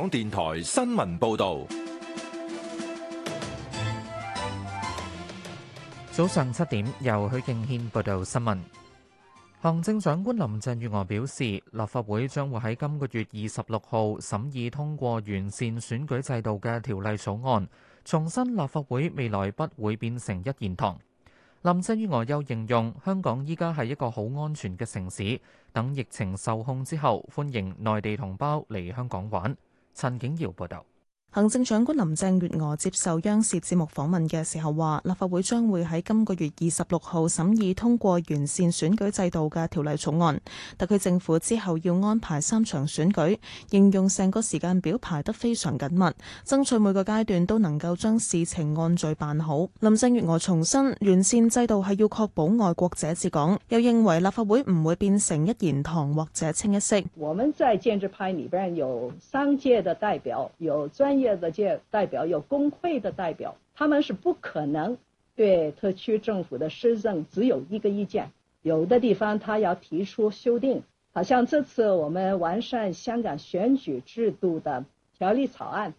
港電台新聞報道，早上七點由許敬軒報道新聞。行政長官林鄭月娥表示，立法會將會喺今個月二十六號審議通過完善選舉制度嘅條例草案，重申立法會未來不會變成一言堂。林鄭月娥又形容香港依家係一個好安全嘅城市，等疫情受控之後，歡迎內地同胞嚟香港玩。陳景瑤報道。行政長官林鄭月娥接受央視節目訪問嘅時候話：立法會將會喺今個月二十六號審議通過完善選舉制度嘅條例草案，特區政府之後要安排三場選舉，應用成個時間表排得非常緊密，爭取每個階段都能夠將事情按序辦好。林鄭月娥重申完善制度係要確保愛國者治港，又認為立法會唔會變成一言堂或者清一色。我們在建制派裏邊有商界的代表，有專業的界代表，有工會的代表，他們是不可能對特區政府的施政只有一個意見。有的地方他要提出修訂，好像這次我們完善香港選舉制度的條例草案，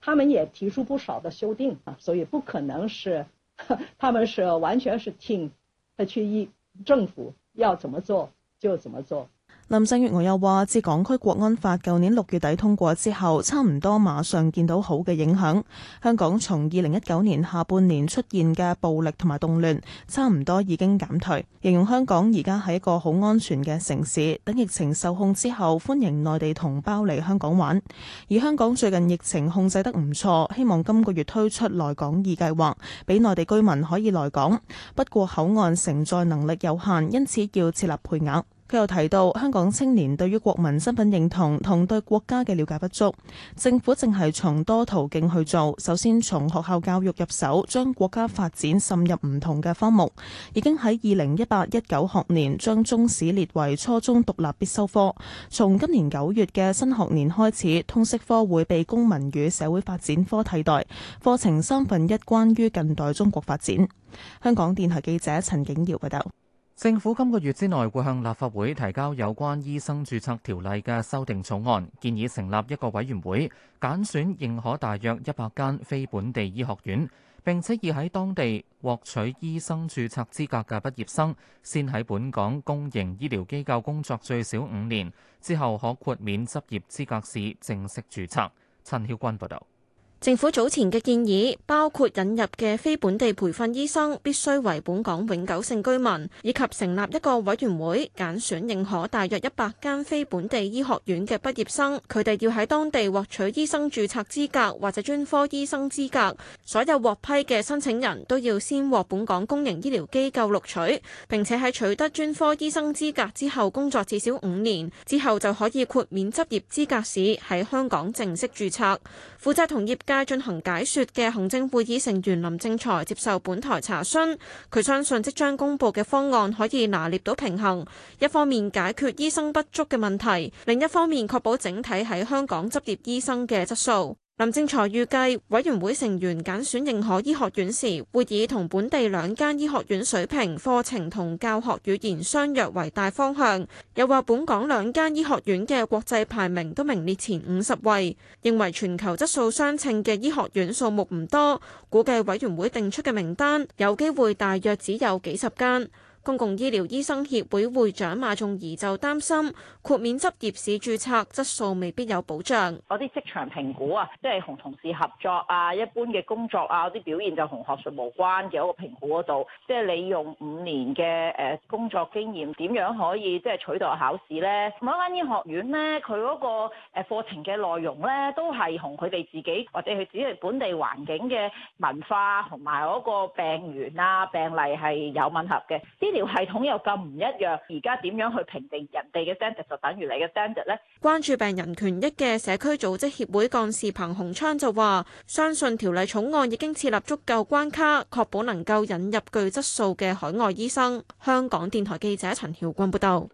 他們也提出不少的修訂啊，所以不可能是，呵，他們是完全是聽特區一政府要怎麼做就怎麼做。林鄭月娥又話，自港區國安法舊年六月底通過之後，差唔多馬上見到好嘅影響。香港從二零一九年下半年出現嘅暴力同埋動亂，差唔多已經減退。形容香港而家係一個好安全嘅城市。等疫情受控之後，歡迎內地同胞嚟香港玩。而香港最近疫情控制得唔錯，希望今個月推出來港易計劃，俾內地居民可以來港。不過口岸承載能力有限，因此要設立配額。佢又提到香港青年對於國民身份認同同對國家嘅了解不足，政府正係從多途徑去做。首先從學校教育入手，將國家發展滲入唔同嘅科目，已經喺二零一八一九學年將中史列為初中獨立必修科。從今年九月嘅新學年開始，通識科會被公民與社會發展科替代，課程三分一關於近代中國發展。香港電台記者陳景耀報道。政府今個月之內會向立法會提交有關醫生註冊條例嘅修訂草案，建議成立一個委員會，揀選認可大約一百間非本地醫學院，並且要喺當地獲取醫生註冊資格嘅畢業生，先喺本港公營醫療機構工作最少五年之後，可豁免執業資格試正式註冊。陳曉君報道。政府早前嘅建議包括引入嘅非本地培訓醫生必須為本港永久性居民，以及成立一個委員會，揀選認可大約一百間非本地醫學院嘅畢業生。佢哋要喺當地獲取醫生註冊資格或者專科醫生資格。所有獲批嘅申請人都要先獲本港公營醫療機構錄取，並且喺取得專科醫生資格之後工作至少五年之後，就可以豁免執業資格試，喺香港正式註冊。負責同業。介進行解說嘅行政會議成員林正財接受本台查詢，佢相信即將公布嘅方案可以拿捏到平衡，一方面解決醫生不足嘅問題，另一方面確保整體喺香港執業醫生嘅質素。林正才預計，委員會成員揀選，選認可醫學院時，會以同本地兩間醫學院水平、課程同教學語言相若為大方向。又話，本港兩間醫學院嘅國際排名都名列前五十位，認為全球質素相稱嘅醫學院數目唔多，估計委員會定出嘅名單有機會大約只有幾十間。公共醫療醫生協會會長馬仲儀就擔心豁免執業試註冊質素未必有保障。我啲職場評估啊，即係同同事合作啊，一般嘅工作啊，啲表現就同學術無關嘅嗰個評估嗰度，即係你用五年嘅誒工作經驗點樣可以即係取代考試咧？某一間醫學院咧，佢嗰個誒課程嘅內容咧，都係同佢哋自己或者佢自己本地環境嘅文化同埋嗰個病源啊、病例係有吻合嘅。條系統又咁唔一樣，而家點樣去評定人哋嘅 standard 就等於你嘅 standard 呢？關注病人權益嘅社區組織協會幹事彭洪昌就話：相信條例草案已經設立足夠關卡，確保能夠引入具質素嘅海外醫生。香港電台記者陳曉君報道。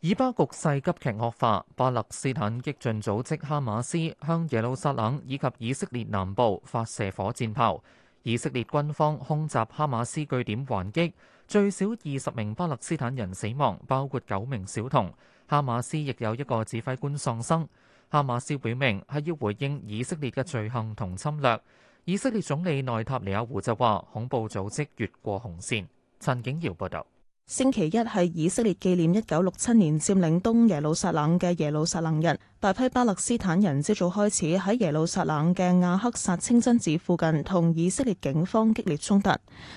以巴局勢急劇惡化，巴勒斯坦激進組織哈馬斯向耶路撒冷以及以色列南部發射火箭炮，以色列軍方空襲哈馬斯據點還擊。最少二十名巴勒斯坦人死亡，包括九名小童。哈馬斯亦有一個指揮官喪生。哈馬斯表明係要回應以色列嘅罪行同侵略。以色列總理內塔尼亞胡就話恐怖組織越過紅線，陳景堯報道。星期一係以色列紀念一九六七年佔領東耶路撒冷嘅耶路撒冷人。大批巴勒斯坦人朝早開始喺耶路撒冷嘅亞克薩清真寺附近同以色列警方激烈衝突，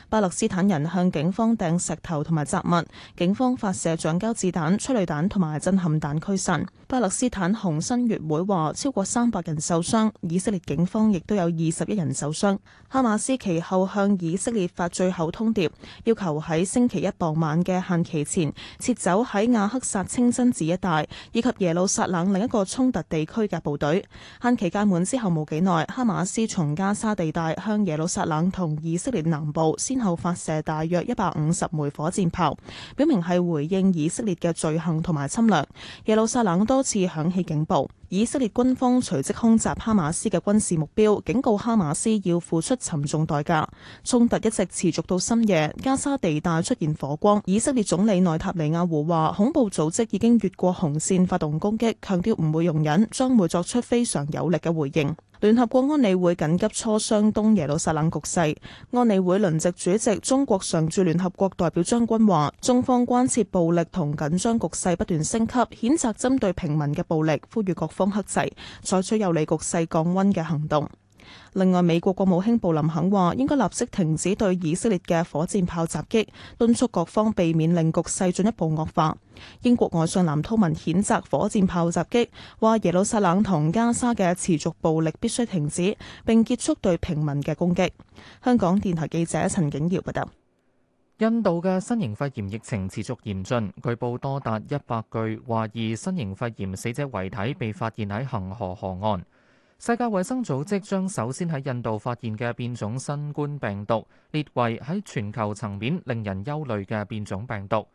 巴勒斯坦人向警方掟石頭同埋雜物，警方發射橡膠子彈、催淚彈同埋震撼彈驅散。巴勒斯坦紅新月會話超過三百人受傷，以色列警方亦都有二十一人受傷。哈馬斯其後向以色列發最後通牒，要求喺星期一傍晚嘅限期前撤走喺亞克薩清真寺一帶以及耶路撒冷另一個。衝突地區嘅部隊限期屆滿之後冇幾耐，哈馬斯從加沙地帶向耶路撒冷同以色列南部先後發射大約一百五十枚火箭炮，表明係回應以色列嘅罪行同埋侵略。耶路撒冷多次響起警報。以色列軍方隨即空襲哈馬斯嘅軍事目標，警告哈馬斯要付出沉重代價。衝突一直持續到深夜，加沙地帶出現火光。以色列總理內塔尼亞胡話，恐怖組織已經越過紅線發動攻擊，強調唔會容忍，將會作出非常有力嘅回應。聯合國安理會緊急磋商東耶路撒冷局勢。安理會輪值主席、中國常駐聯合國代表張軍話：中方關切暴力同緊張局勢不斷升級，譴責針對平民嘅暴力，呼籲各方克制，採取有利局勢降温嘅行動。另外，美國國務卿布林肯話應該立即停止對以色列嘅火箭炮襲擊，敦促各方避免令局勢進一步惡化。英國外相藍韜文譴責火箭炮襲擊，話耶路撒冷同加沙嘅持續暴力必須停止，並結束對平民嘅攻擊。香港電台記者陳景耀報導。印度嘅新型肺炎疫情持續嚴峻，據報多達一百具懷疑新型肺炎死者遺體被發現喺恒河河岸。世界衛生組織將首先喺印度發現嘅變種新冠病毒列為喺全球層面令人憂慮嘅變種病毒。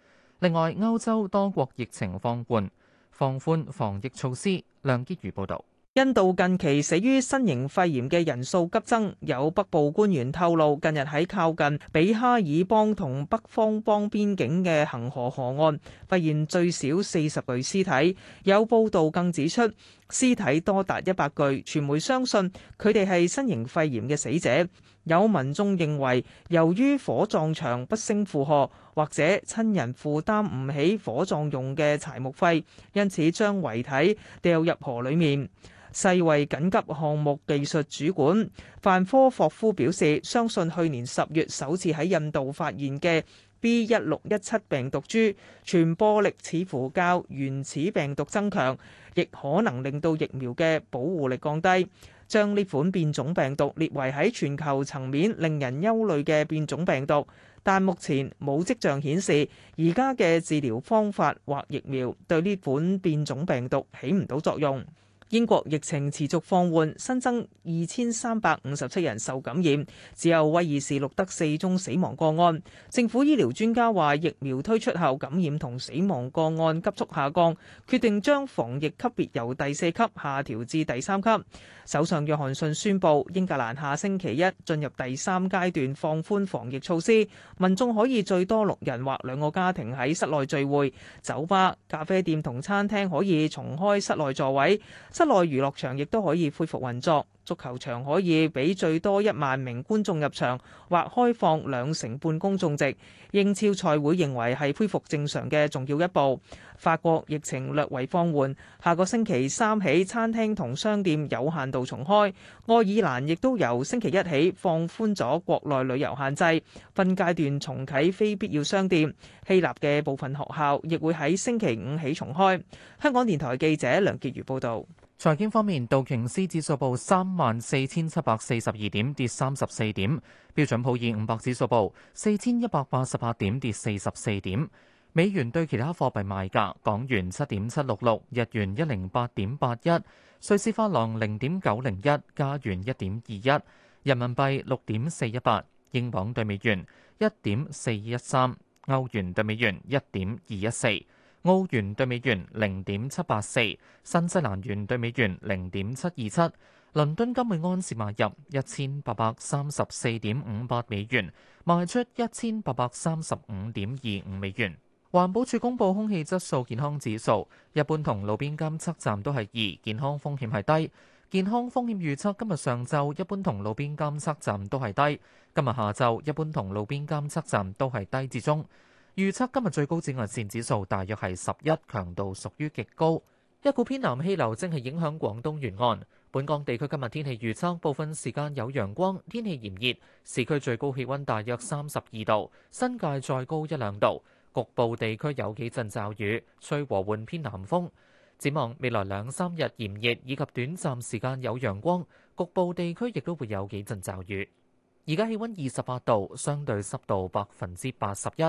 另外，歐洲多國疫情放緩、放寬防疫措施。梁潔如報導。印度近期死於新型肺炎嘅人數急增，有北部官員透露，近日喺靠近比哈爾邦同北方邦邊境嘅恒河河岸發現最少四十具屍體。有報導更指出，屍體多達一百具，傳媒相信佢哋係新型肺炎嘅死者。有民眾認為，由於火葬場不勝負荷，或者親人負擔唔起火葬用嘅柴木費，因此將遺體掉入河裡面。世衛緊急項目技術主管范科霍夫表示，相信去年十月首次喺印度發現嘅。B 一六一七病毒株傳播力似乎較原始病毒增強，亦可能令到疫苗嘅保護力降低。將呢款變種病毒列為喺全球層面令人憂慮嘅變種病毒，但目前冇跡象顯示而家嘅治療方法或疫苗對呢款變種病毒起唔到作用。英國疫情持續放緩，新增二千三百五十七人受感染，只有威爾士錄得四宗死亡個案。政府醫療專家話，疫苗推出後感染同死亡個案急速下降，決定將防疫級別由第四級下調至第三級。首相約翰遜宣布，英格蘭下星期一進入第三階段放寬防疫措施，民眾可以最多六人或兩個家庭喺室內聚會，酒吧、咖啡店同餐廳可以重開室內座位。室內娛樂場亦都可以恢復運作，足球場可以俾最多一萬名觀眾入場，或開放兩成半公眾席。英超賽會認為係恢復正常嘅重要一步。法國疫情略為放緩，下個星期三起餐廳同商店有限度重開。愛爾蘭亦都由星期一起放寬咗國內旅遊限制，分階段重啓非必要商店。希臘嘅部分學校亦會喺星期五起重開。香港電台記者梁潔如報導。財經方面，道瓊斯指數報三萬四千七百四十二點，跌三十四點；標準普爾五百指數報四千一百八十八點，跌四十四點。美元對其他貨幣賣價：港元七點七六六，日元一零八點八一，瑞士法郎零點九零一，加元一點二一，人民幣六點四一八，英鎊對美元一點四一三，歐元對美元一點二一四。澳元對美元零點七八四，新西蘭元對美元零點七二七，倫敦金每盎司買入一千八百三十四點五八美元，賣出一千八百三十五點二五美元。環保署公布空氣質素健康指數，一般同路邊監測站都係二，健康風險係低。健康風險預測今日上晝一般同路邊監測站都係低，今日下晝一般同路邊監測站都係低至中。預測今日最高紫外線指數大約係十一，強度屬於極高。一股偏南氣流正係影響廣東沿岸。本港地區今日天氣預測部分時間有陽光，天氣炎熱，市區最高氣溫大約三十二度，新界再高一兩度。局部地區有幾陣驟雨，吹和緩偏南風。展望未來兩三日炎熱以及短暫時間有陽光，局部地區亦都會有幾陣驟雨。而家氣溫二十八度，相對濕度百分之八十一。